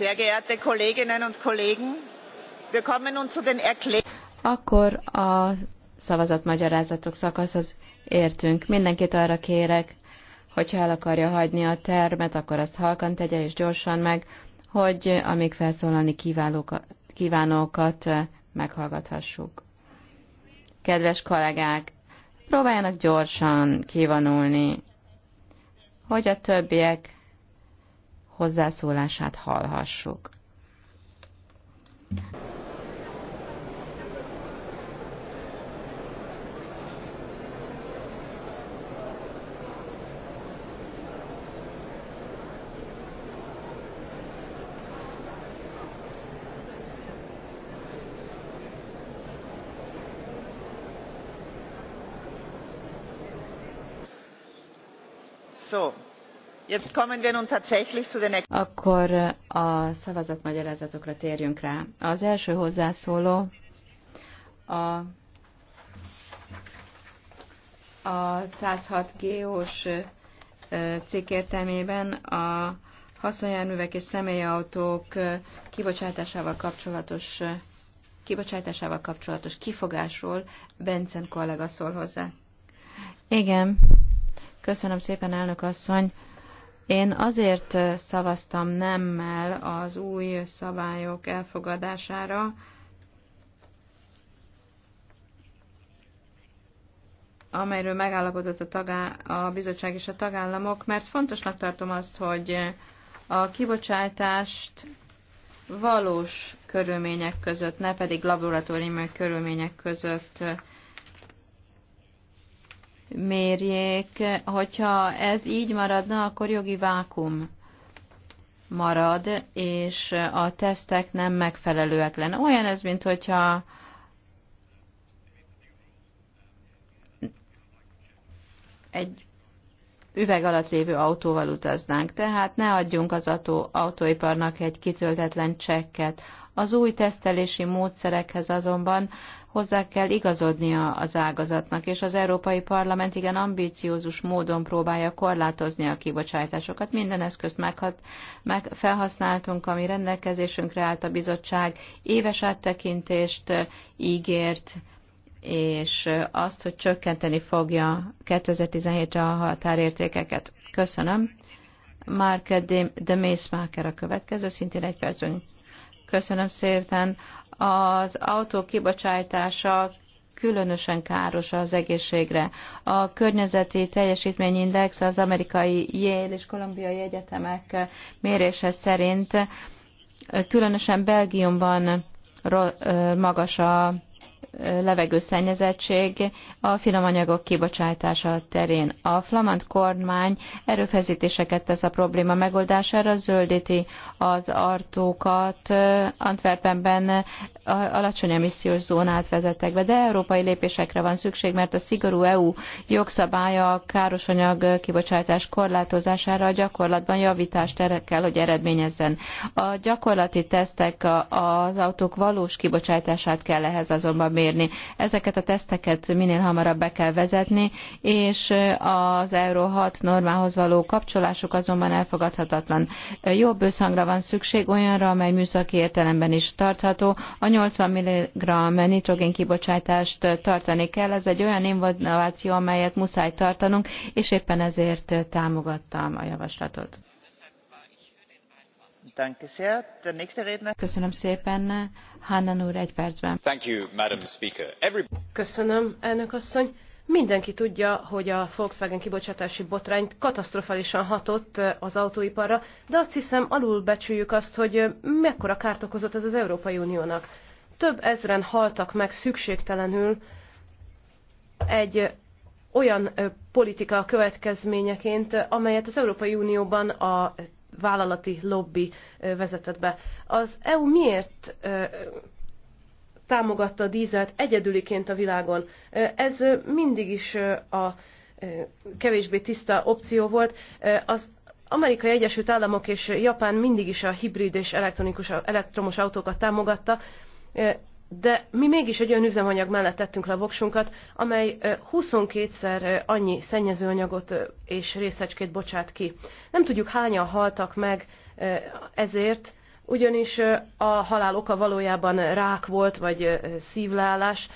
sehr geehrte Kolleginnen und Kollegen, wir kommen nun zu den Erklärungen. Akkor a szavazatmagyarázatok szakaszhoz értünk. Mindenkit arra kérek, hogyha el akarja hagyni a termet, akkor azt halkan tegye és gyorsan meg, hogy amíg felszólalni kívánókat eh, meghallgathassuk. Kedves kollégák, próbáljanak gyorsan kivonulni, hogy a többiek hozzászólását hallhassuk. Akkor a szavazatmagyarázatokra térjünk rá. Az első hozzászóló a a 106 G-os cikk értelmében a haszonjárművek és személyautók kibocsátásával kapcsolatos kibocsátásával kapcsolatos kifogásról Bencen kollega szól hozzá. Igen, köszönöm szépen, elnök asszony. Én azért szavaztam nemmel az új szabályok elfogadására, amelyről megállapodott a, tagá- a bizottság és a tagállamok, mert fontosnak tartom azt, hogy a kibocsátást valós körülmények között, ne pedig laboratóriumi körülmények között mérjék. Hogyha ez így maradna, akkor jogi vákum marad, és a tesztek nem megfelelőek lenne. Olyan ez, mint hogyha egy üveg alatt lévő autóval utaznánk, tehát ne adjunk az autó, autóiparnak egy kitöltetlen csekket. Az új tesztelési módszerekhez azonban hozzá kell igazodnia az ágazatnak, és az Európai Parlament igen ambíciózus módon próbálja korlátozni a kibocsátásokat. Minden eszközt meghat, meg felhasználtunk, ami rendelkezésünkre állt a bizottság. Éves áttekintést eh, ígért, és eh, azt, hogy csökkenteni fogja 2017-re a határértékeket. Köszönöm. Marke de, de Mészmáker a következő, szintén egy percünk. Köszönöm szépen. Az autó kibocsátása különösen káros az egészségre. A környezeti teljesítményindex az amerikai Yale és kolumbiai egyetemek mérése szerint különösen Belgiumban magas a levegőszennyezettség a finomanyagok kibocsátása terén. A flamand kormány erőfeszítéseket tesz a probléma megoldására, zöldíti az artókat, Antwerpenben alacsony emissziós zónát vezettek be, de európai lépésekre van szükség, mert a szigorú EU jogszabálya a károsanyag kibocsátás korlátozására a gyakorlatban javítást kell, hogy eredményezzen. A gyakorlati tesztek az autók valós kibocsátását kell ehhez azonban mérni. Ezeket a teszteket minél hamarabb be kell vezetni, és az Euró 6 normához való kapcsolásuk azonban elfogadhatatlan. Jobb összhangra van szükség olyanra, amely műszaki értelemben is tartható. A 80 mg nitrogén kibocsátást tartani kell. Ez egy olyan innováció, amelyet muszáj tartanunk, és éppen ezért támogattam a javaslatot. Köszönöm szépen. Hannan úr, egy percben. Thank you, Madam Speaker. Every... Köszönöm, elnök asszony. Mindenki tudja, hogy a Volkswagen kibocsátási botrány katasztrofálisan hatott eh, az autóiparra, de azt hiszem alulbecsüljük azt, hogy eh, mekkora kárt okozott ez az Európai Uniónak. Több ezren haltak meg szükségtelenül egy eh, olyan politika következményeként, amelyet az Európai Unióban a vállalati lobby vezetett be. Az EU miért támogatta a dízelt egyedüliként a világon? Ez mindig is a kevésbé tiszta opció volt. Az Amerikai Egyesült Államok és Japán mindig is a hibrid és elektronikus, elektromos autókat támogatta, de mi mégis egy olyan üzemanyag mellett tettünk le a voksunkat, amely 22-szer annyi szennyezőanyagot és részecskét bocsát ki. Nem tudjuk hányan haltak meg ezért, ugyanis a halál oka valójában rák volt, vagy szívleállás,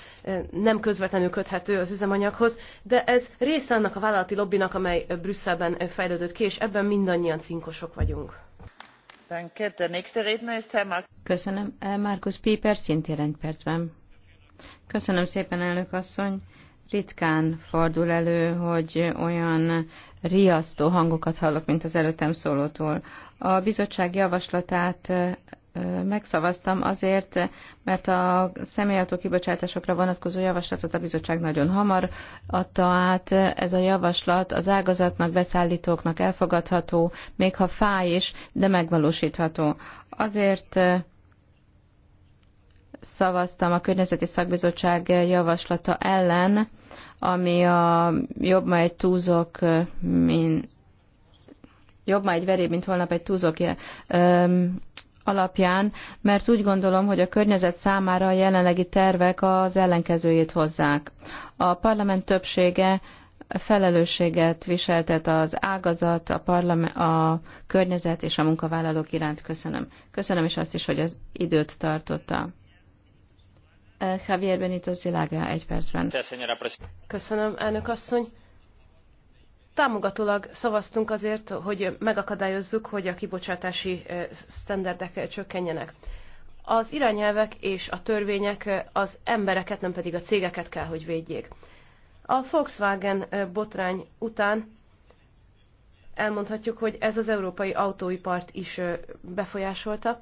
nem közvetlenül köthető az üzemanyaghoz, de ez része annak a vállalati lobbinak, amely Brüsszelben fejlődött ki, és ebben mindannyian cinkosok vagyunk. Köszönöm. Markus szintén egy Köszönöm szépen, elnök asszony. Ritkán fordul elő, hogy olyan riasztó hangokat hallok, mint az előttem szólótól. A bizottság javaslatát megszavaztam azért, mert a személyautó kibocsátásokra vonatkozó javaslatot a bizottság nagyon hamar adta át. Ez a javaslat az ágazatnak, beszállítóknak elfogadható, még ha fáj is, de megvalósítható. Azért szavaztam a Környezeti Szakbizottság javaslata ellen, ami a jobb majd túzok, mint jobb ma egy veréb, mint holnap egy túzok alapján, mert úgy gondolom, hogy a környezet számára a jelenlegi tervek az ellenkezőjét hozzák. A parlament többsége felelősséget viseltet az ágazat, a, parlament, a környezet és a munkavállalók iránt. Köszönöm. Köszönöm is azt is, hogy az időt tartotta. Javier Benito Zilaga egy percben. Köszönöm, elnök asszony támogatólag szavaztunk azért, hogy megakadályozzuk, hogy a kibocsátási sztenderdek csökkenjenek. Az irányelvek és a törvények az embereket, nem pedig a cégeket kell, hogy védjék. A Volkswagen botrány után elmondhatjuk, hogy ez az európai autóipart is befolyásolta,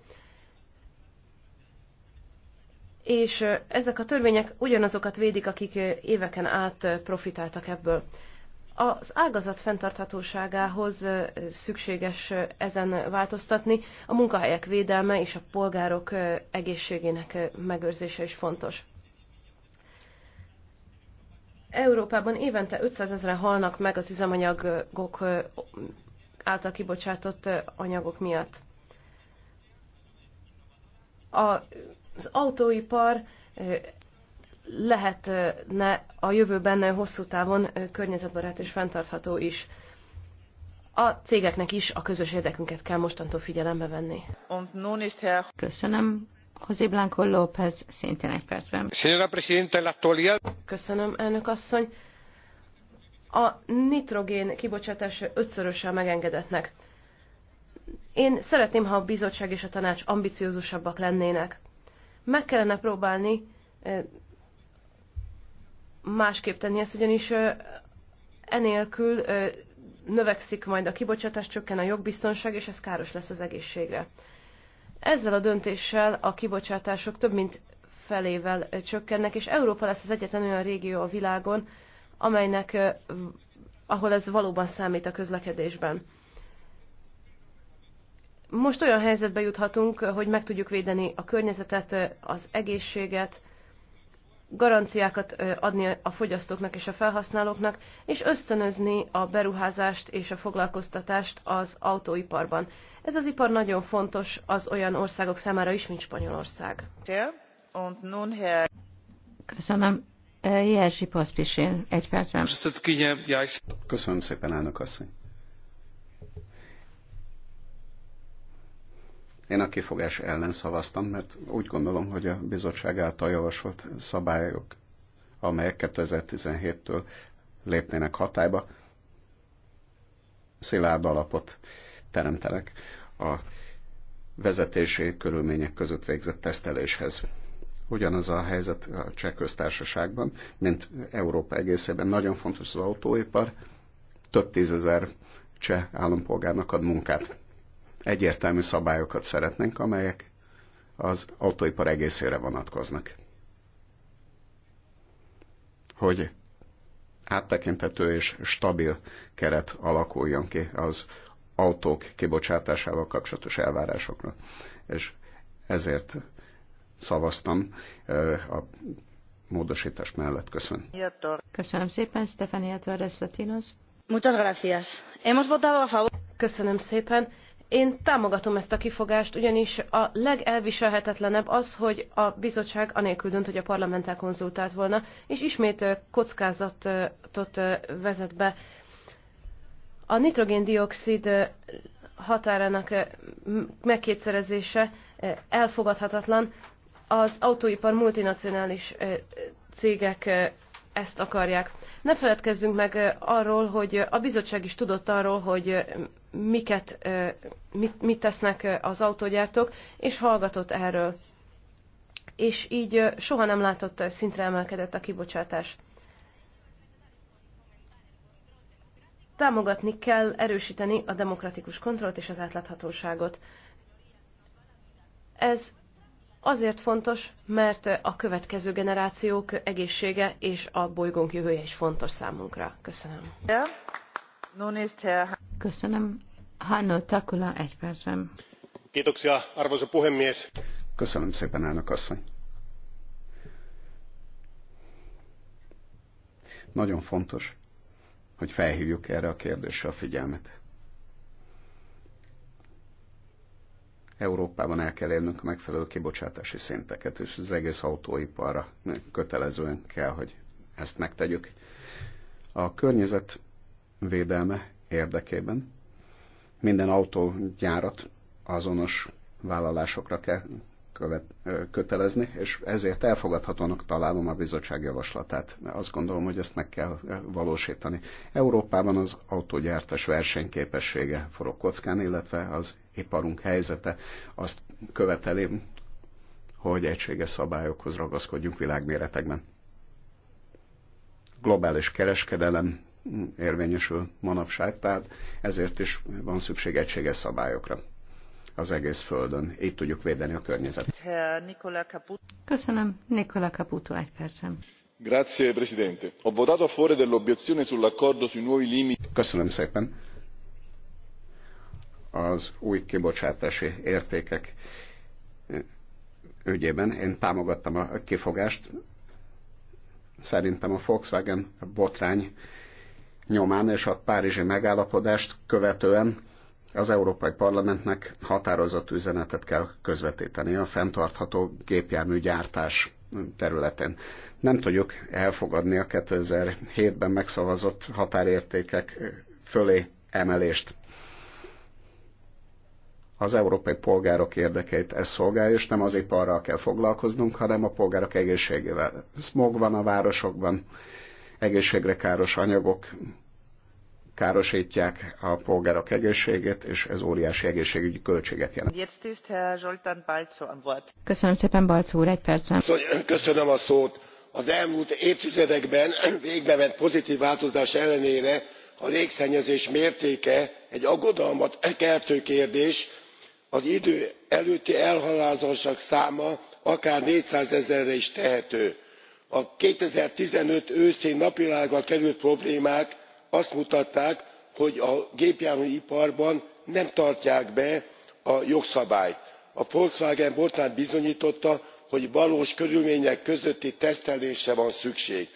és ezek a törvények ugyanazokat védik, akik éveken át profitáltak ebből. Az ágazat fenntarthatóságához szükséges ezen változtatni, a munkahelyek védelme és a polgárok egészségének megőrzése is fontos. Európában évente 500 ezeren halnak meg az üzemanyagok által kibocsátott anyagok miatt. A, az autóipar lehetne a jövőben hosszú távon környezetbarát és fenntartható is. A cégeknek is a közös érdekünket kell mostantól figyelembe venni. Köszönöm. José Blanco López, szintén egy percben. Köszönöm, elnök asszony. A nitrogén kibocsátás ötszörösen megengedetnek. Én szeretném, ha a bizottság és a tanács ambiciózusabbak lennének. Meg kellene próbálni másképp tenni ezt, ugyanis enélkül növekszik majd a kibocsátás, csökken a jogbiztonság, és ez káros lesz az egészségre. Ezzel a döntéssel a kibocsátások több mint felével csökkennek, és Európa lesz az egyetlen olyan régió a világon, amelynek, ahol ez valóban számít a közlekedésben. Most olyan helyzetbe juthatunk, hogy meg tudjuk védeni a környezetet, az egészséget, garanciákat adni a fogyasztóknak és a felhasználóknak, és ösztönözni a beruházást és a foglalkoztatást az autóiparban. Ez az ipar nagyon fontos az olyan országok számára is, mint Spanyolország. Köszönöm. Jerzy Poszpisil, egy percben. Köszönöm szépen, elnök asszony. Én a kifogás ellen szavaztam, mert úgy gondolom, hogy a bizottság által javasolt szabályok, amelyek 2017-től lépnének hatályba, szilárd alapot teremtenek a vezetési körülmények között végzett teszteléshez. Ugyanaz a helyzet a cseh köztársaságban, mint Európa egészében. Nagyon fontos az autóipar, több tízezer cseh állampolgárnak ad munkát egyértelmű szabályokat szeretnénk, amelyek az autóipar egészére vonatkoznak. Hogy áttekinthető és stabil keret alakuljon ki az autók kibocsátásával kapcsolatos elvárásokra. És ezért szavaztam a módosítás mellett. Köszönöm. Köszönöm szépen, Stefania Torres Latinos. Muchas gracias. Hemos votado a favor. Köszönöm szépen. Én támogatom ezt a kifogást, ugyanis a legelviselhetetlenebb az, hogy a bizottság anélkül dönt, hogy a parlamenttel konzultált volna, és ismét kockázatot vezet be. A nitrogéndioxid határának megkétszerezése elfogadhatatlan. Az autóipar multinacionális cégek ezt akarják. Ne feledkezzünk meg arról, hogy a bizottság is tudott arról, hogy miket, mit, mit tesznek az autógyártók, és hallgatott erről. És így soha nem látott szintre emelkedett a kibocsátás. Támogatni kell erősíteni a demokratikus kontrollt és az átláthatóságot. Ez azért fontos, mert a következő generációk egészsége és a bolygónk jövője is fontos számunkra. Köszönöm. Yeah. Köszönöm. Hanno Takula, egy arvoisa puhemies. Köszönöm Nagyon fontos, hogy felhívjuk erre a kérdésre a figyelmet. Európában el kell élnünk a megfelelő kibocsátási szinteket, és az egész autóiparra kötelezően kell, hogy ezt megtegyük. A környezet védelme érdekében minden autógyárat azonos vállalásokra kell követ, kötelezni, és ezért elfogadhatónak találom a bizottság javaslatát. Azt gondolom, hogy ezt meg kell valósítani. Európában az autógyártás versenyképessége forog kockán, illetve az iparunk helyzete azt követeli, hogy egységes szabályokhoz ragaszkodjunk világméretekben. Globális kereskedelem érvényesül manapság, tehát ezért is van szükség egységes szabályokra az egész Földön. Így tudjuk védeni a környezetet. Köszönöm. Nicola Caputo, egy percem. Grazie, Presidente. Ho votato a favore dell'obiezione sull'accordo sui nuovi limiti. Köszönöm szépen. Az új kibocsátási értékek eh, ügyében én támogattam a kifogást. Szerintem a Volkswagen botrány nyomán és a párizsi megállapodást követően az Európai Parlamentnek határozott üzenetet kell közvetíteni a fenntartható gépjárműgyártás területén. Nem tudjuk elfogadni a 2007-ben megszavazott határértékek fölé emelést. Az európai polgárok érdekeit ez szolgálja, és nem az iparral kell foglalkoznunk, hanem a polgárok egészségével. Smog van a városokban, egészségre káros anyagok károsítják a polgárok egészségét, és ez óriási egészségügyi költséget jelent. Köszönöm szépen, Balcó úr, egy percben. Köszönöm a szót. Az elmúlt évtizedekben végbevett pozitív változás ellenére a légszennyezés mértéke egy aggodalmat keltő kérdés az idő előtti elhalálozások száma akár 400 ezerre is tehető a two thousand and fifteen őszén napvilágra került problémák azt mutatták hogy a gépjárműiparban nem tartják be a jogszabályt. a volkswagen botrány bizonytotta hogy valós körülmények közötti tesztelésre van szükség.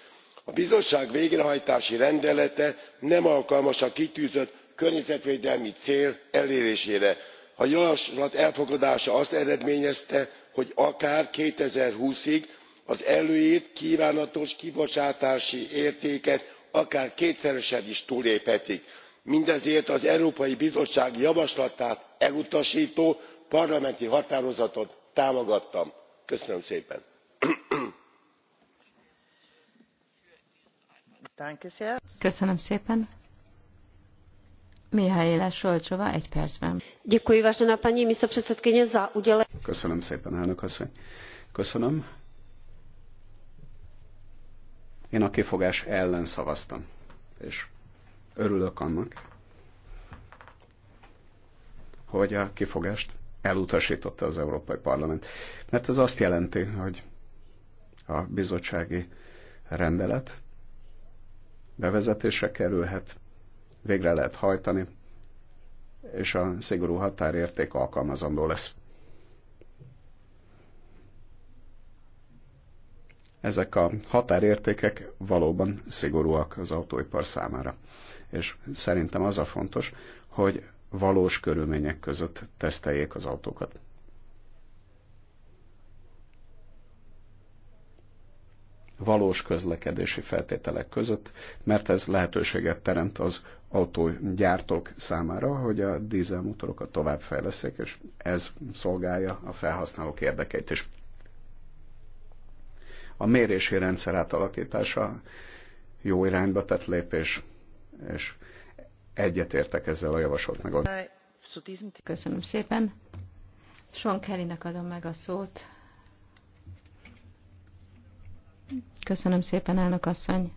a bizottság végrehajtási rendelete nem alkalmas a kitűzött környezetvédelmi cél elérésére. a javaslat elfogadása azt eredményezte hogy akár two thousand and twenty ig az előrt kvánatos kibocsátási értéket akár kétszeresen is túlléphetik. mindezért az európai bizottság javaslatát elutastó parlamenti határozatot támogattam. köszönöm szépen! Köszönöm szépen. egy Köszönöm szépen, Köszönöm én a kifogás ellen szavaztam, és örülök annak, hogy a kifogást elutasította az Európai Parlament. Mert ez azt jelenti, hogy a bizottsági rendelet bevezetésre kerülhet, végre lehet hajtani, és a szigorú határérték alkalmazandó lesz. ezek a határértékek valóban szigorúak az autóipar számára. És szerintem az a fontos, hogy valós körülmények között teszteljék az autókat. valós közlekedési feltételek között, mert ez lehetőséget teremt az autógyártók számára, hogy a dízelmotorokat továbbfejleszék, és ez szolgálja a felhasználók érdekeit is a mérési rendszer átalakítása jó irányba tett lépés, és egyetértek ezzel a javasolt megoldással. Köszönöm szépen. Sean Kellynek adom meg a szót. Köszönöm szépen, elnök asszony.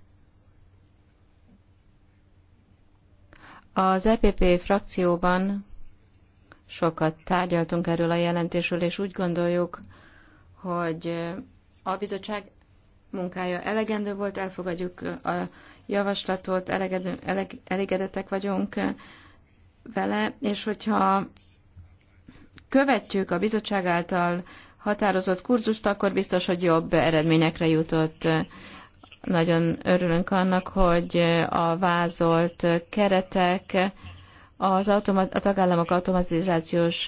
Az EPP frakcióban sokat tárgyaltunk erről a jelentésről, és úgy gondoljuk, hogy a bizottság munkája elegendő volt, elfogadjuk a javaslatot, elegedő, eleg, elégedetek vagyunk vele, és hogyha követjük a bizottság által határozott kurzust, akkor biztos, hogy jobb eredményekre jutott. Nagyon örülünk annak, hogy a vázolt keretek az automat, a tagállamok automatizációs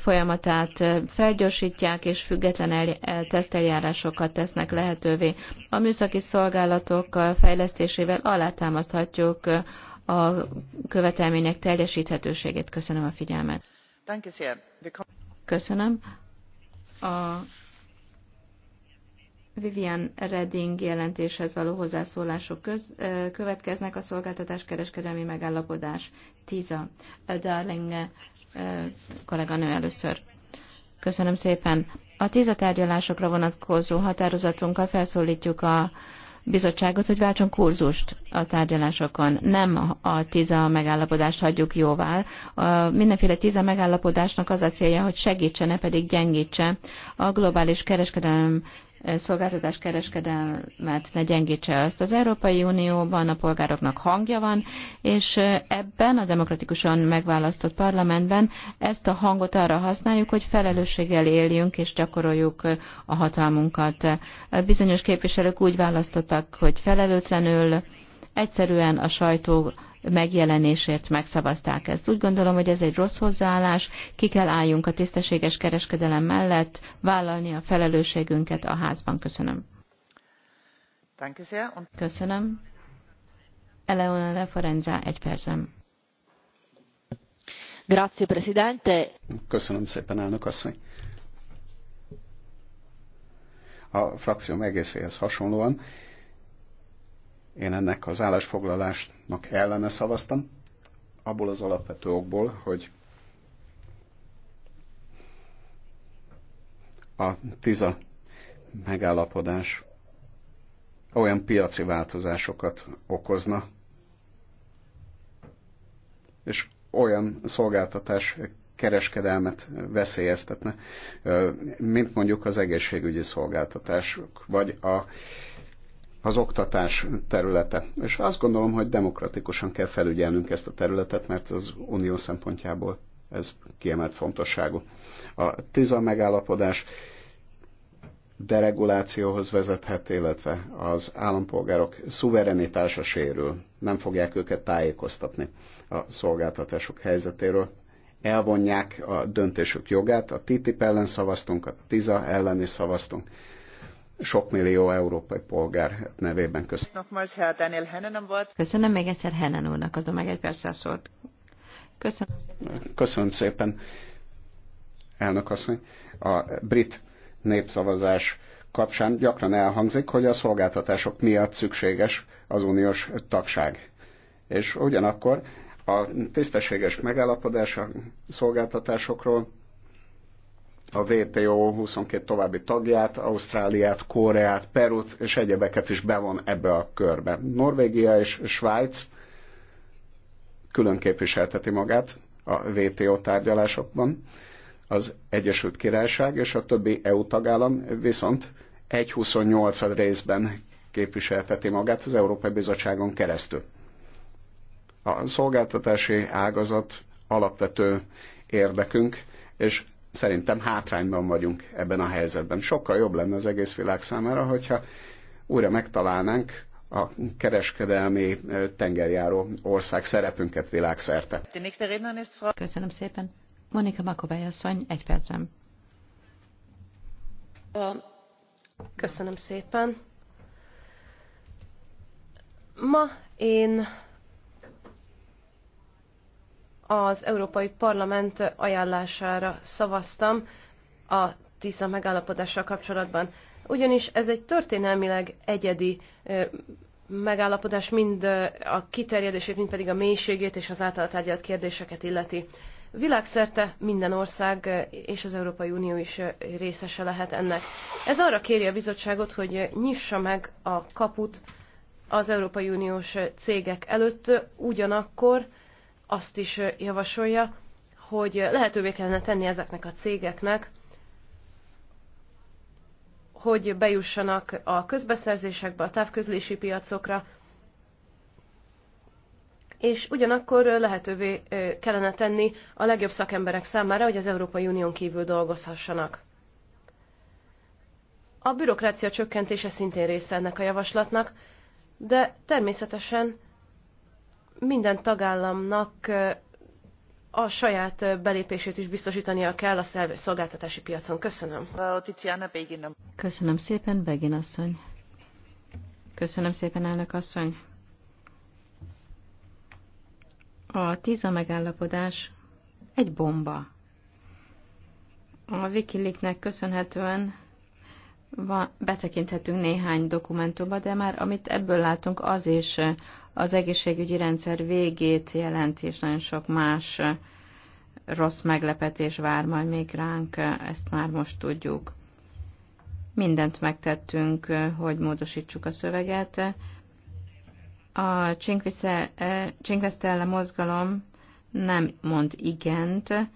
folyamatát felgyorsítják, és független el, el, teszteljárásokat tesznek lehetővé. A műszaki szolgálatok fejlesztésével alátámaszthatjuk a követelmények teljesíthetőségét. Köszönöm a figyelmet. Köszönöm. A Vivian Redding jelentéshez való hozzászólások köz, következnek a szolgáltatás kereskedelmi megállapodás a Darling kolléganő először. Köszönöm szépen. A tárgyalásokra vonatkozó határozatunkkal felszólítjuk a bizottságot, hogy váltson kurzust a tárgyalásokon. Nem a a megállapodást hagyjuk jóvá. A mindenféle a megállapodásnak az a célja, hogy segítse, ne pedig gyengítse a globális kereskedelem szolgáltatás kereskedelmet ne gyengítse azt. Az Európai Unióban a polgároknak hangja van, és ebben a demokratikusan megválasztott parlamentben ezt a hangot arra használjuk, hogy felelősséggel éljünk és gyakoroljuk a hatalmunkat. Bizonyos képviselők úgy választottak, hogy felelőtlenül egyszerűen a sajtó megjelenésért megszavazták ezt. Úgy gondolom, hogy ez egy rossz hozzáállás, ki kell álljunk a tisztességes kereskedelem mellett, vállalni a felelősségünket a házban. Köszönöm. Köszönöm. Eleonora Leforenza, egy percben. Grazie, Presidente. Köszönöm szépen, elnök asszony. A frakció egészéhez hasonlóan én ennek az állásfoglalást Nak ellene szavaztam, abból az alapvető okból, hogy a TISA megállapodás olyan piaci változásokat okozna, és olyan szolgáltatás kereskedelmet veszélyeztetne, mint mondjuk az egészségügyi szolgáltatások, vagy a az oktatás területe. És azt gondolom, hogy demokratikusan kell felügyelnünk ezt a területet, mert az unió szempontjából ez kiemelt fontosságú. A TISA megállapodás deregulációhoz vezethet, illetve az állampolgárok szuverenitása sérül. Nem fogják őket tájékoztatni a szolgáltatások helyzetéről. Elvonják a döntésük jogát, a TTIP ellen szavaztunk, a TISA ellen is szavaztunk sok millió európai polgár nevében köszönöm. Köszönöm még egyszer Hennen úrnak, adom meg egy percre a szót. Köszönöm szépen. Köszönöm szépen, elnök asszony. A brit népszavazás kapcsán gyakran elhangzik, hogy a szolgáltatások miatt szükséges az uniós tagság. És ugyanakkor a tisztességes megállapodás a szolgáltatásokról a WTO 22 további tagját, Ausztráliát, Koreát, Perut és egyebeket is bevon ebbe a körbe. Norvégia és Svájc külön képviselteti magát a WTO tárgyalásokban, az Egyesült Királyság és a többi EU tagállam viszont 1.28 részben képviselteti magát az Európai Bizottságon keresztül. A szolgáltatási ágazat alapvető érdekünk, és szerintem hátrányban vagyunk ebben a helyzetben. Sokkal jobb lenne az egész világ számára, hogyha újra megtalálnánk a kereskedelmi tengerjáró ország szerepünket világszerte. Köszönöm szépen. Monika Makovály asszony, egy percem. Köszönöm szépen. Ma én az Európai Parlament ajánlására szavaztam a TISZA megállapodással kapcsolatban. Ugyanis ez egy történelmileg egyedi megállapodás mind a kiterjedését, mind pedig a mélységét és az által tárgyalt kérdéseket illeti. Világszerte minden ország és az Európai Unió is részese lehet ennek. Ez arra kéri a bizottságot, hogy nyissa meg a kaput az Európai Uniós cégek előtt, ugyanakkor azt is javasolja, hogy lehetővé kellene tenni ezeknek a cégeknek, hogy bejussanak a közbeszerzésekbe, a távközlési piacokra, és ugyanakkor lehetővé kellene tenni a legjobb szakemberek számára, hogy az Európai Unión kívül dolgozhassanak. A bürokrácia csökkentése szintén része ennek a javaslatnak, de természetesen minden tagállamnak a saját belépését is biztosítania kell a szolgáltatási piacon. Köszönöm. Köszönöm szépen, Begin asszony. Köszönöm szépen, elnök asszony. A TISA megállapodás egy bomba. A Wikileaksnek köszönhetően betekinthetünk néhány dokumentumba, de már amit ebből látunk, az is az egészségügyi rendszer végét jelenti, és nagyon sok más eh, rossz meglepetés vár majd még ránk, eh, ezt már most tudjuk. Mindent megtettünk, eh, hogy módosítsuk a szöveget. A Csinkvesztelle mozgalom nem mond igent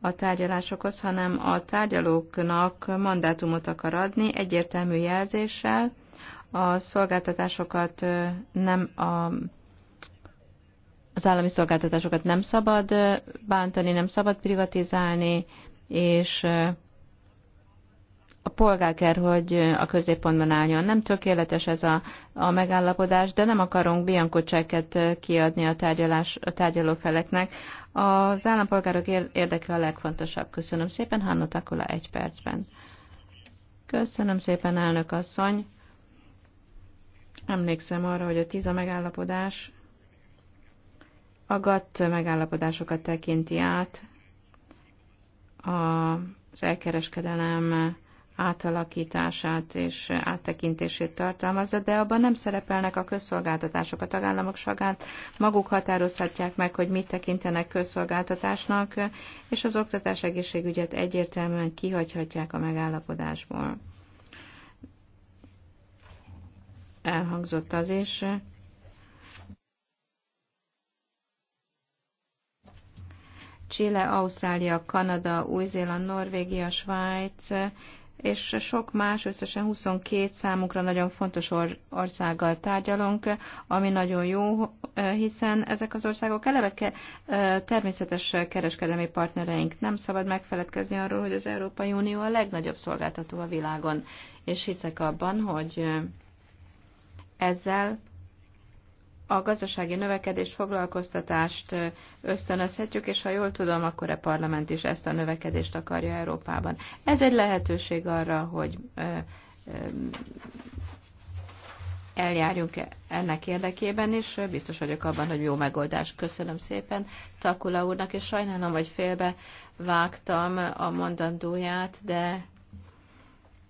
a tárgyalásokhoz, hanem a tárgyalóknak mandátumot akar adni egyértelmű jelzéssel, a szolgáltatásokat nem a az állami szolgáltatásokat nem szabad bántani, nem szabad privatizálni, és a polgár kell, hogy a középpontban álljon. Nem tökéletes ez a, a megállapodás, de nem akarunk biankocseket kiadni a, tárgyalás, a tárgyalófeleknek. Az állampolgárok érdeke a legfontosabb. Köszönöm szépen, Hanna Takula egy percben. Köszönöm szépen, elnök asszony. Emlékszem arra, hogy a tiza megállapodás a GATT megállapodásokat tekinti át, az elkereskedelem átalakítását és áttekintését tartalmazza, de abban nem szerepelnek a közszolgáltatások. A tagállamok sagát maguk határozhatják meg, hogy mit tekintenek közszolgáltatásnak, és az oktatás egészségügyet egyértelműen kihagyhatják a megállapodásból. elhangzott az is, Chile, Ausztrália, Kanada, Új-Zéland, Norvégia, Svájc, és sok más, összesen 22 számukra nagyon fontos or- országgal tárgyalunk, ami nagyon jó, hiszen ezek az országok eleve ke- természetes kereskedelmi partnereink. Nem szabad megfeledkezni arról, hogy az Európai Unió a legnagyobb szolgáltató a világon, és hiszek abban, hogy ezzel a gazdasági növekedés foglalkoztatást ösztönözhetjük, és ha jól tudom, akkor a parlament is ezt a növekedést akarja Európában. Ez egy lehetőség arra, hogy eljárjunk ennek érdekében, és biztos vagyok abban, hogy jó megoldás. Köszönöm szépen Takula úrnak, és sajnálom, hogy félbe vágtam a mondandóját, de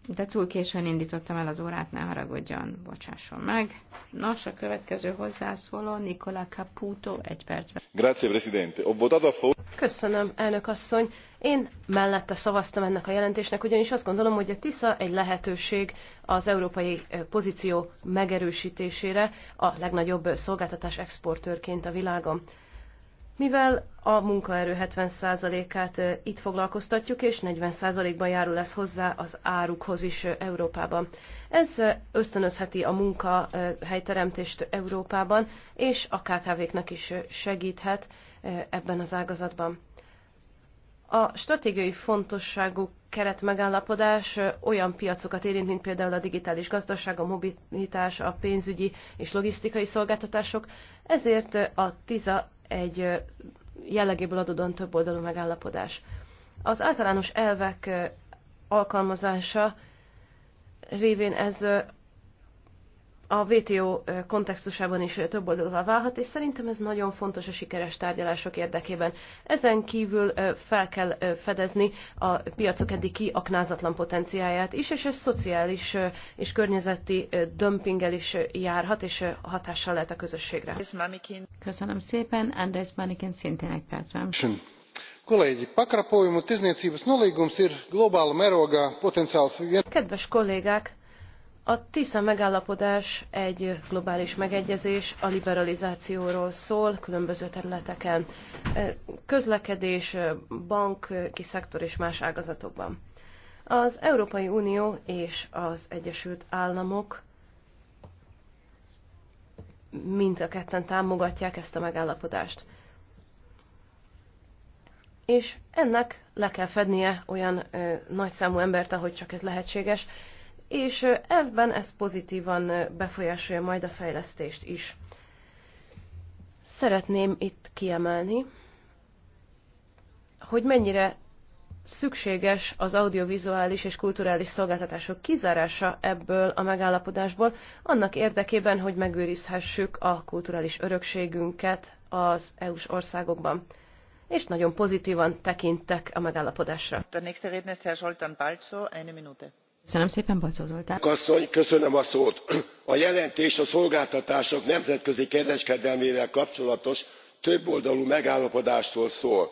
de túl későn indítottam el az órát, ne haragudjon, bocsásson meg. Nos, a következő hozzászóló Nikola Caputo, egy percben. Grazie, Presidente. Ho votato a Köszönöm, elnök asszony. Én mellette szavaztam ennek a jelentésnek, ugyanis azt gondolom, hogy a TISZA egy lehetőség az európai pozíció megerősítésére a legnagyobb szolgáltatás exportőrként a világon mivel a munkaerő 70%-át itt foglalkoztatjuk, és 40%-ban járul ez hozzá az árukhoz is Európában. Ez ösztönözheti a munkahelyteremtést Európában, és a KKV-knak is segíthet ebben az ágazatban. A stratégiai fontosságú keretmegállapodás olyan piacokat érint, mint például a digitális gazdaság, a mobilitás, a pénzügyi és logisztikai szolgáltatások, ezért a TISA egy jellegéből adódóan több oldalú megállapodás. Az általános elvek alkalmazása révén ez a WTO kontextusában is több oldalúvá válhat, és szerintem ez nagyon fontos a sikeres tárgyalások érdekében. Ezen kívül fel kell fedezni a piacok eddig kiaknázatlan potenciáját is, és ez szociális és környezeti dömpinggel is járhat, és hatással lehet a közösségre. Köszönöm szépen, Andrész Manikin szintén egy percben. Kedves kollégák, a TISZA megállapodás egy globális megegyezés a liberalizációról szól különböző területeken. Közlekedés, banki szektor és más ágazatokban. Az Európai Unió és az Egyesült Államok mind a ketten támogatják ezt a megállapodást. És ennek le kell fednie olyan ö, nagyszámú embert, ahogy csak ez lehetséges, és elvben ez pozitívan befolyásolja majd a fejlesztést is. Szeretném itt kiemelni, hogy mennyire szükséges az audiovizuális és kulturális szolgáltatások kizárása ebből a megállapodásból, annak érdekében, hogy megőrizhessük a kulturális örökségünket az EU-s országokban. És nagyon pozitívan tekintek a megállapodásra. A nächste Redner ist Herr Zsoltán Balczó, eine Minute. Köszönöm a A jelentés a szolgáltatások nemzetközi kereskedelmével kapcsolatos többoldalú megállapodásról szól.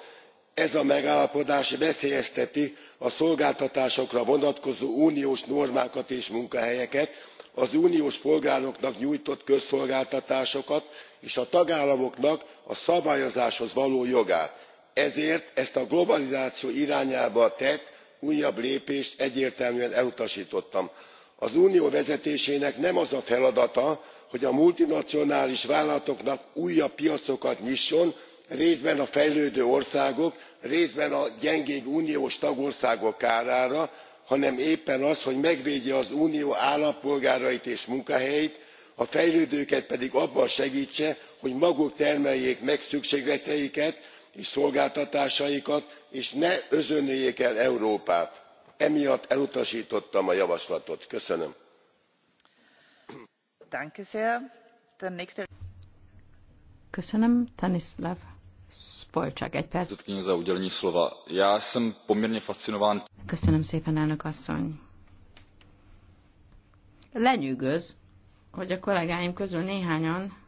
ez a megállapodás veszélyezteti a szolgáltatásokra vonatkozó uniós normákat és munkahelyeket az uniós polgároknak nyújtott közszolgáltatásokat és a tagállamoknak a szabályozáshoz való jogát. ezért ezt a globalizáció irányába tett újabb lépést egyértelműen elutastottam. az unió vezetésének nem az a feladata hogy a multinacionális vállalatoknak újabb piacokat nyisson részben a fejlődő országok részben a gyengébb uniós tagországok kárára hanem éppen az hogy megvédje az unió állampolgárait és munkahelyeit a fejlődőket pedig abban segtse hogy maguk termeljék meg szükségleteiket és szolgáltatásaikat és ne özönöljék el európát. emiatt elutastottam a javaslatot. köszönöm. Köszönöm, Tanislav egy perc. Köszönöm szépen, Lenyűgöz, hogy a kollégáim közül néhányan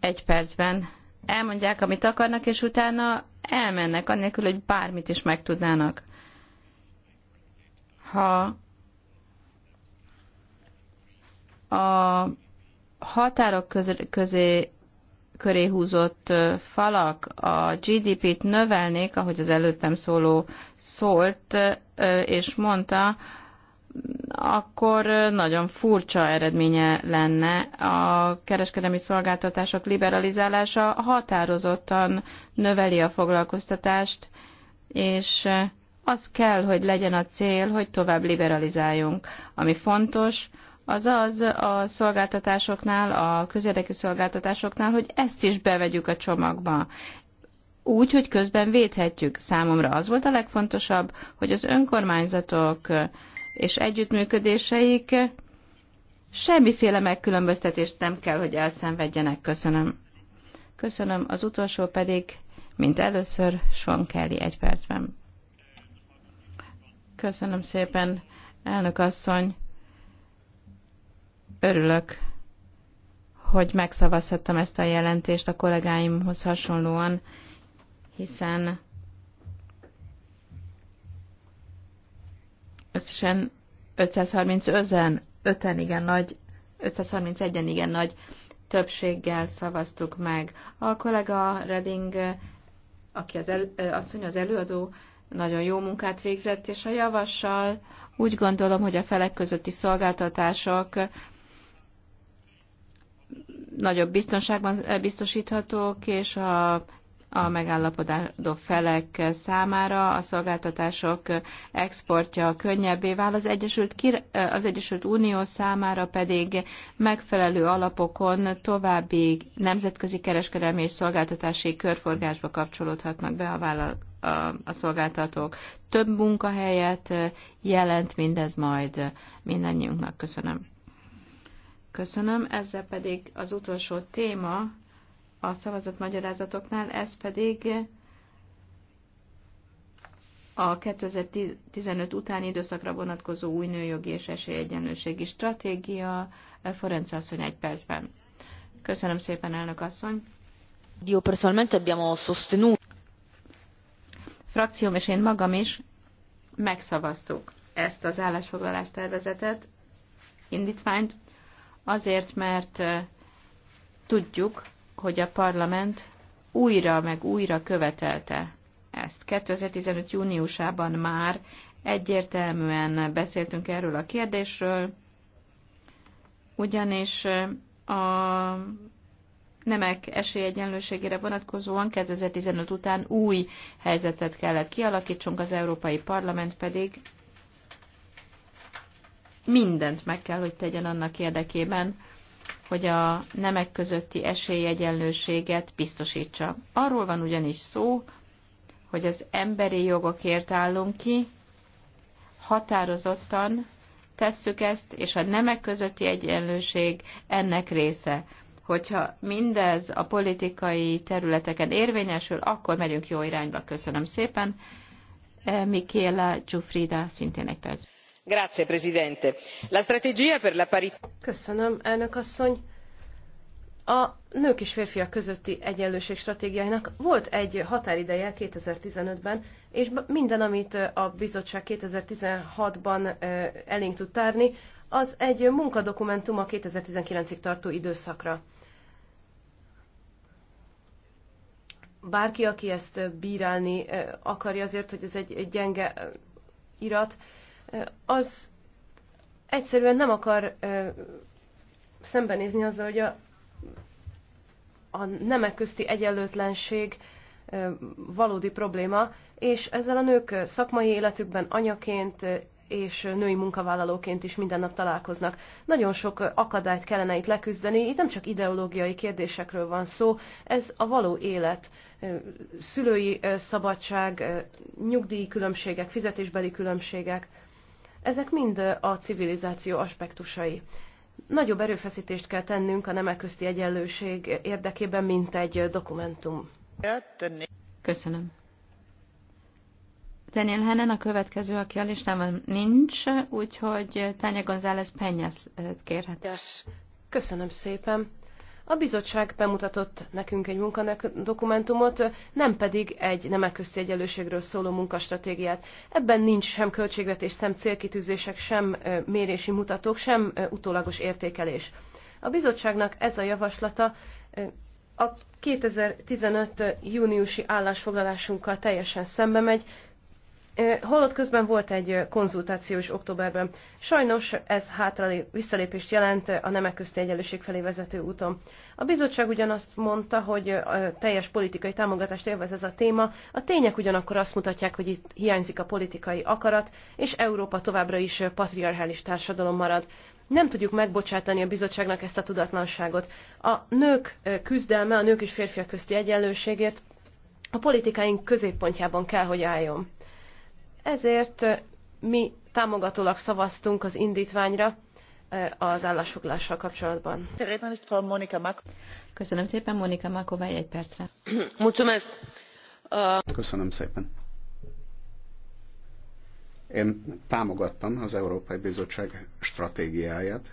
egy percben elmondják, amit akarnak, és utána elmennek, annélkül, hogy bármit is megtudnának. Ha a határok közé, közé köré húzott falak a GDP-t növelnék, ahogy az előttem szóló szólt és mondta, akkor nagyon furcsa eredménye lenne. A kereskedelmi szolgáltatások liberalizálása határozottan növeli a foglalkoztatást, és az kell, hogy legyen a cél, hogy tovább liberalizáljunk. Ami fontos, az az a szolgáltatásoknál, a közérdekű szolgáltatásoknál, hogy ezt is bevegyük a csomagba. Úgy, hogy közben védhetjük. Számomra az volt a legfontosabb, hogy az önkormányzatok és együttműködéseik semmiféle megkülönböztetést nem kell, hogy elszenvedjenek. Köszönöm. Köszönöm. Az utolsó pedig, mint először, Sean Kelly egy percben. Köszönöm szépen, elnök asszony. Örülök, hogy megszavazhattam ezt a jelentést a kollégáimhoz hasonlóan, hiszen összesen 535-en, 5-en igen nagy, 531-en igen nagy többséggel szavaztuk meg. A kollega Reding, aki az el, asszony az előadó, nagyon jó munkát végzett, és a javassal úgy gondolom, hogy a felek közötti szolgáltatások nagyobb biztonságban biztosíthatók, és a a megállapodó felek számára a szolgáltatások exportja könnyebbé vál, az Egyesült, az Egyesült Unió számára pedig megfelelő alapokon további nemzetközi kereskedelmi és szolgáltatási körforgásba kapcsolódhatnak be a vállalatok a, a szolgáltatók. Több munkahelyet jelent mindez majd mindannyiunknak. Köszönöm. Köszönöm. Ezzel pedig az utolsó téma, a szavazott magyarázatoknál, ez pedig a 2015 utáni időszakra vonatkozó új nőjogi és esélyegyenlőségi stratégia. Forenza asszony egy percben. Köszönöm szépen, elnök asszony. Dio personalmente abbiamo sostenuto. Frakcióm és én magam is megszavaztuk ezt az állásfoglalás tervezetet, indítványt, azért, mert eh, tudjuk, hogy a parlament újra meg újra követelte ezt. 2015. júniusában már egyértelműen beszéltünk erről a kérdésről, ugyanis a nemek esélyegyenlőségére vonatkozóan 2015 után új helyzetet kellett kialakítsunk, az Európai Parlament pedig mindent meg kell, hogy tegyen annak érdekében, hogy a nemek közötti esélyegyenlőséget biztosítsa. Arról van ugyanis szó, hogy az emberi jogokért állunk ki, határozottan tesszük ezt, és a nemek közötti egyenlőség ennek része. Hogyha mindez a politikai területeken érvényesül, akkor megyünk jó irányba. Köszönöm szépen. Eh, Mikéla Csufrida, szintén egy perc signor presidente onorevoli colleghi la strategia per la parità. a nők és férfiak közötti egyenlőség stratégiájának volt egy határideje two thousand and fifteen ben és minden amit a bizottság two thousand and sixteen ban elénk tud tárni az egy munkadokumentum a two thousand and nineteen ig tartó időszakra. bárki, aki ezt bírálni akarja azért, hogy ez egy gyenge irat, az egyszerűen nem akar szembenézni azzal, hogy a, a nemek közti egyenlőtlenség valódi probléma, és ezzel a nők szakmai életükben anyaként és női munkavállalóként is minden nap találkoznak. Nagyon sok akadályt kellene itt leküzdeni, itt nem csak ideológiai kérdésekről van szó, ez a való élet, szülői szabadság, nyugdíj különbségek, fizetésbeli különbségek. Ezek mind a civilizáció aspektusai. Nagyobb erőfeszítést kell tennünk a nemek közti egyenlőség érdekében, mint egy dokumentum. Köszönöm. Daniel Hennen a következő, aki a listában nincs, úgyhogy Tanya González Penyes kérhet. Köszönöm szépen. A bizottság bemutatott nekünk egy munkadokumentumot, nem pedig egy nemek közti egyenlőségről szóló munkastratégiát. Ebben nincs sem költségvetés, sem célkitűzések, sem mérési mutatók, sem utólagos értékelés. A bizottságnak ez a javaslata a 2015. júniusi állásfoglalásunkkal teljesen szembe megy, Holott közben volt egy konzultáció is októberben. Sajnos ez hátrali visszalépést jelent a nemek közti egyenlőség felé vezető úton. A bizottság ugyanazt mondta, hogy a teljes politikai támogatást élvez ez a téma, a tények ugyanakkor azt mutatják, hogy itt hiányzik a politikai akarat, és Európa továbbra is patriarchális társadalom marad. Nem tudjuk megbocsátani a bizottságnak ezt a tudatlanságot. A nők küzdelme, a nők és férfiak közti egyenlőségért a politikáink középpontjában kell, hogy álljon. Ezért mi támogatólag szavaztunk az indítványra az állásfoglással kapcsolatban. Köszönöm szépen, Monika Makovály, egy percre. Köszönöm szépen. Én támogattam az Európai Bizottság stratégiáját,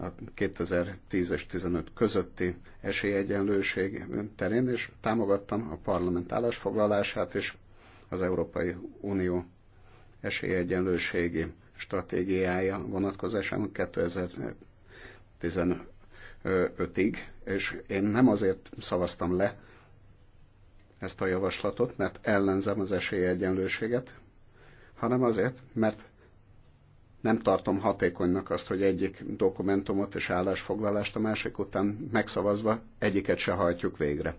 a 2010 és 15 közötti esélyegyenlőség terén, és támogattam a parlament állásfoglalását, és az Európai Unió esélyegyenlőségi stratégiája vonatkozásában 2015-ig, és én nem azért szavaztam le ezt a javaslatot, mert ellenzem az esélyegyenlőséget, hanem azért, mert nem tartom hatékonynak azt, hogy egyik dokumentumot és állásfoglalást a másik után megszavazva egyiket se hajtjuk végre.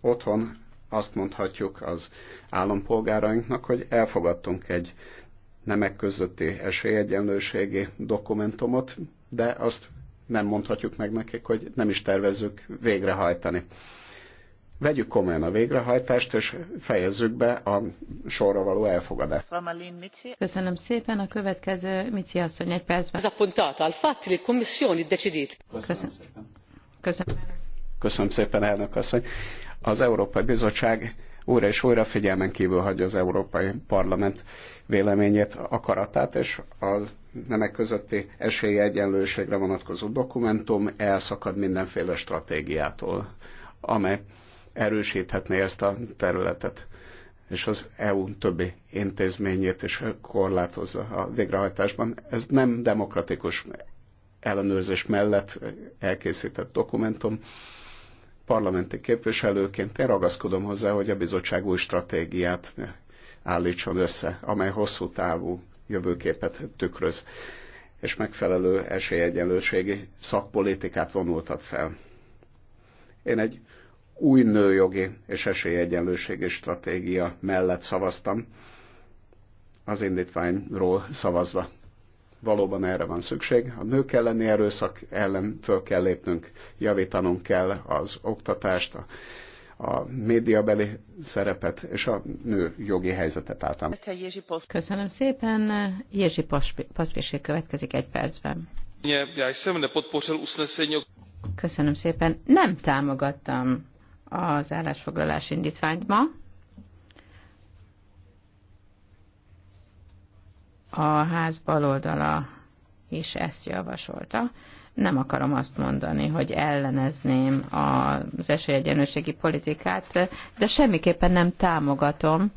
Otthon azt mondhatjuk az állampolgárainknak, hogy elfogadtunk egy nemek közötti esélyegyenlőségi dokumentumot, de azt nem mondhatjuk meg nekik, hogy nem is tervezzük végrehajtani. Vegyük komolyan a végrehajtást, és fejezzük be a sorra való elfogadást. Köszönöm szépen. A következő Mici asszony egy percben. Ez a pontát al fatti le commissioni decidit. Köszönöm szépen. Köszönöm. Köszönöm szépen, elnök asszony. Az Európai Bizottság újra és újra figyelmen kívül hagyja az Európai Parlament véleményét, akaratát, és a nemek közötti esélyegyenlőségre vonatkozó dokumentum elszakad mindenféle stratégiától, amely erősíthetné ezt a területet és az EU többi intézményét is korlátozza a végrehajtásban. Ez nem demokratikus ellenőrzés mellett elkészített dokumentum, parlamenti képviselőként én ragaszkodom hozzá, hogy a bizottság új stratégiát állítson össze, amely hosszú távú jövőképet tükröz, és megfelelő esélyegyenlőségi szakpolitikát vonultat fel. Én egy új nőjogi és esélyegyenlőségi stratégia mellett szavaztam az indítványról szavazva valóban erre van szükség. A nők elleni erőszak ellen föl kell lépnünk, javítanunk kell az oktatást, a, a médiabeli szerepet és a nő jogi helyzetet által. Köszönöm szépen. Jerzy Paszpésség következik egy percben. Köszönöm szépen. Nem támogattam az állásfoglalás indítványt ma, a ház baloldala is ezt javasolta. Nem akarom azt mondani, hogy ellenezném az esélyegyenlőségi politikát, de semmiképpen nem támogatom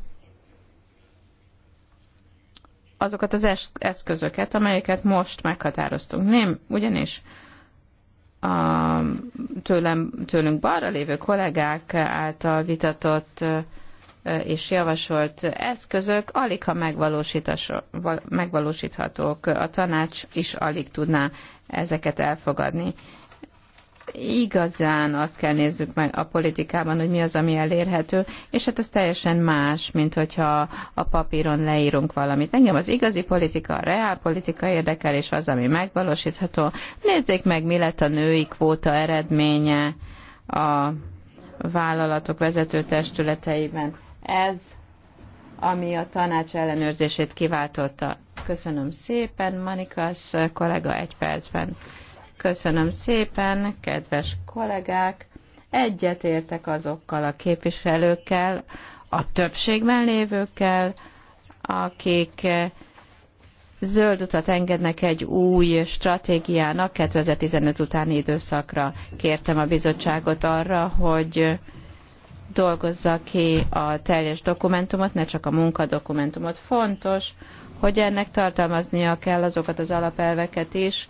azokat az eszközöket, amelyeket most meghatároztunk. Nem, ugyanis a tőlem, tőlünk balra lévő kollégák által vitatott és javasolt eszközök alig, ha megvalósíthatók. A tanács is alig tudná ezeket elfogadni. Igazán azt kell nézzük meg a politikában, hogy mi az, ami elérhető, és hát ez teljesen más, mint hogyha a papíron leírunk valamit. Engem az igazi politika, a reál politika érdekel, és az, ami megvalósítható. Nézzék meg, mi lett a női kvóta eredménye a vállalatok vezető testületeiben ez, ami a tanács ellenőrzését kiváltotta. Köszönöm szépen, Manikas kollega egy percben. Köszönöm szépen, kedves kollégák! Egyetértek azokkal a képviselőkkel, a többségben lévőkkel, akik zöld utat engednek egy új stratégiának 2015 utáni időszakra. Kértem a bizottságot arra, hogy dolgozza ki a teljes dokumentumot, ne csak a munkadokumentumot. Fontos, hogy ennek tartalmaznia kell azokat az alapelveket is,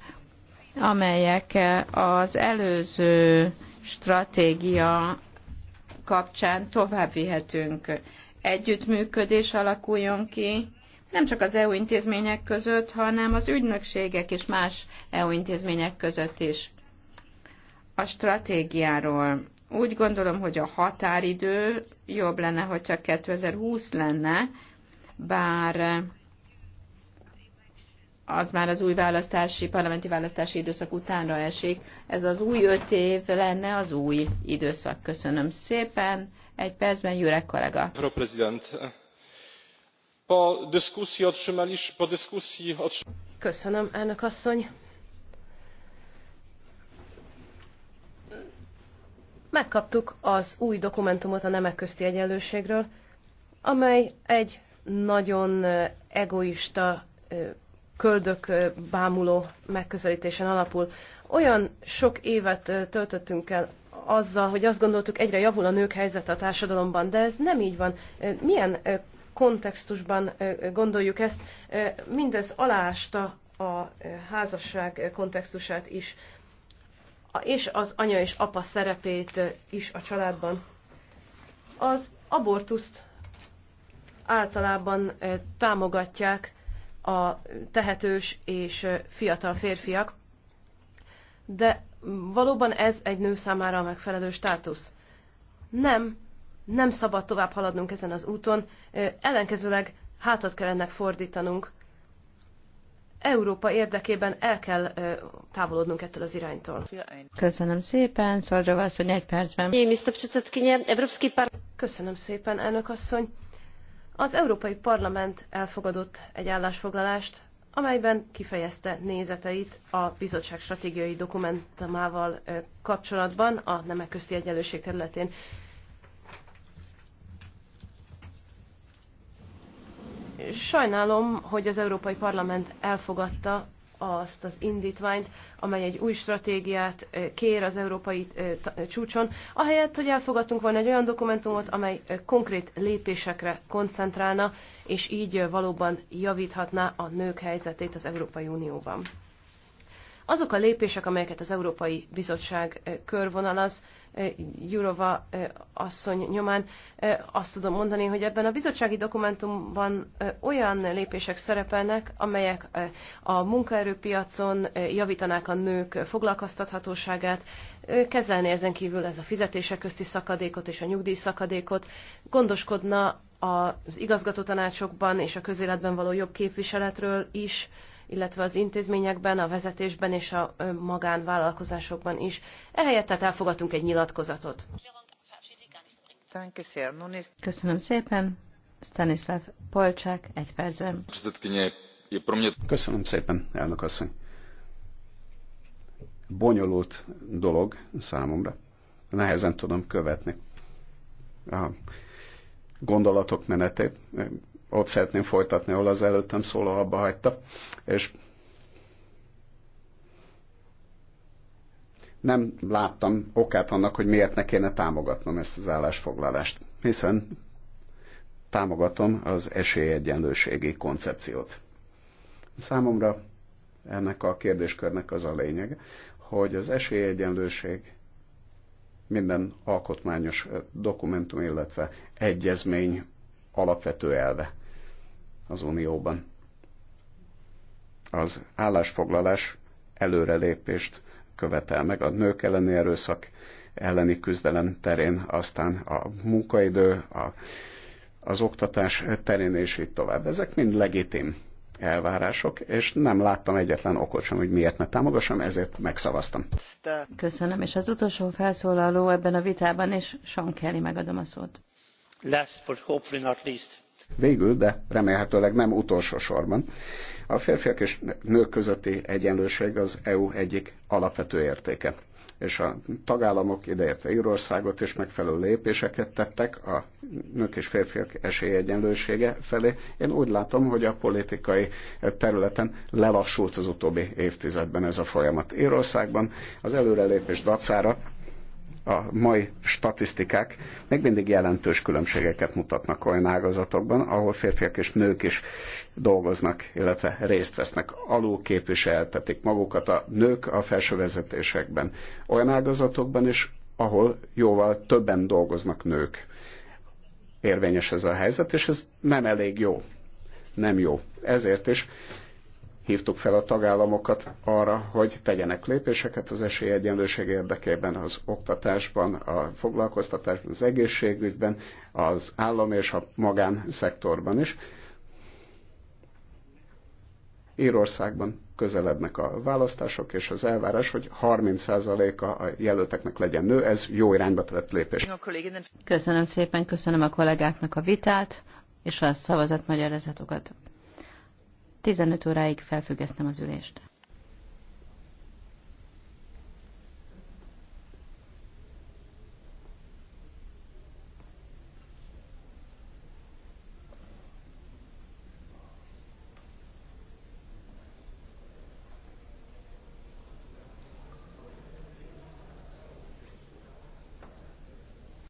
amelyek az előző stratégia kapcsán tovább vihetünk. Együttműködés alakuljon ki, nem csak az EU intézmények között, hanem az ügynökségek és más EU intézmények között is. A stratégiáról úgy gondolom, hogy a határidő jobb lenne, hogyha 2020 lenne, bár az már az új választási, parlamenti választási időszak utánra esik. Ez az új öt év lenne az új időszak. Köszönöm szépen. Egy percben Jurek kollega. Köszönöm, elnök asszony. Megkaptuk az új dokumentumot a nemek közti egyenlőségről, amely egy nagyon egoista, köldök bámuló megközelítésen alapul. Olyan sok évet töltöttünk el azzal, hogy azt gondoltuk, egyre javul a nők helyzete a társadalomban, de ez nem így van. Milyen kontextusban gondoljuk ezt? Mindez aláásta a házasság kontextusát is és az anya és apa szerepét is a családban. Az abortuszt általában támogatják a tehetős és fiatal férfiak, de valóban ez egy nő számára a megfelelő státusz. Nem, nem szabad tovább haladnunk ezen az úton, ellenkezőleg hátat kell ennek fordítanunk. Európa érdekében el kell távolodnunk ettől az iránytól. Köszönöm szépen, Szoldrova asszony, egy percben. Köszönöm szépen, elnök asszony. Az Európai Parlament elfogadott egy állásfoglalást, amelyben kifejezte nézeteit a bizottság stratégiai dokumentumával kapcsolatban a nemek közti egyenlőség területén. Sajnálom, hogy az Európai Parlament elfogadta azt az indítványt, amely egy új stratégiát kér az európai csúcson, ahelyett, hogy elfogadtunk volna egy olyan dokumentumot, amely konkrét lépésekre koncentrálna, és így valóban javíthatná a nők helyzetét az Európai Unióban. Azok a lépések, amelyeket az Európai Bizottság eh, körvonalaz, eh, Jurova eh, asszony nyomán, azt tudom mondani, hogy ebben a bizottsági dokumentumban olyan lépések szerepelnek, amelyek a munkaerőpiacon javítanák a nők foglalkoztathatóságát, kezelni ezen kívül ez a fizetések közti szakadékot és a nyugdíj szakadékot, gondoskodna az igazgatótanácsokban és a közéletben való jobb képviseletről is, illetve az intézményekben, a vezetésben és a magánvállalkozásokban is. Ehelyett tehát elfogadtunk egy nyilatkozatot. Köszönöm szépen. Stanislav Polcsák, egy percben. Köszönöm szépen, elnök asszony. Bonyolult dolog számomra. Nehezen tudom követni a gondolatok menetét ott szeretném folytatni, ahol az előttem szóló abba hagyta, és nem láttam okát annak, hogy miért ne kéne támogatnom ezt az állásfoglalást, hiszen támogatom az esélyegyenlőségi koncepciót. Számomra ennek a kérdéskörnek az a lényeg, hogy az esélyegyenlőség minden alkotmányos dokumentum, illetve egyezmény alapvető elve az Unióban. Az állásfoglalás előrelépést követel meg a nők elleni erőszak elleni küzdelem terén, aztán a munkaidő, a, az oktatás terén, és így tovább. Ezek mind legitim elvárások, és nem láttam egyetlen okot sem, hogy miért ne támogassam, ezért megszavaztam. Köszönöm, és az utolsó felszólaló ebben a vitában, és Sean Kelly, megadom a szót last but hopefully not least. Végül, de remélhetőleg nem utolsó sorban, a férfiak és nők közötti egyenlőség az EU egyik alapvető értéke és a tagállamok, ideértve Írországot is megfelelő lépéseket tettek a nők és férfiak esélyegyenlősége felé. Én úgy látom, hogy a politikai területen lelassult az utóbbi évtizedben ez a folyamat. Írországban az előrelépés dacára a mai statisztikák még mindig jelentős különbségeket mutatnak olyan ágazatokban, ahol férfiak és nők is dolgoznak, illetve részt vesznek, alul képviseltetik magukat a nők a felső vezetésekben. Olyan ágazatokban is, ahol jóval többen dolgoznak nők. Érvényes ez a helyzet, és ez nem elég jó. Nem jó. Ezért is hívtuk fel a tagállamokat arra, hogy tegyenek lépéseket az esélyegyenlőség érdekében az oktatásban, a foglalkoztatásban, az egészségügyben, az állam és a magánszektorban is. Írországban közelednek a választások, és az elvárás, hogy 30%-a a jelölteknek legyen nő, ez jó irányba tett lépés. Köszönöm szépen, köszönöm a kollégáknak a vitát és a szavazatmagyarázatokat. 15 óráig felfüggesztem az ülést.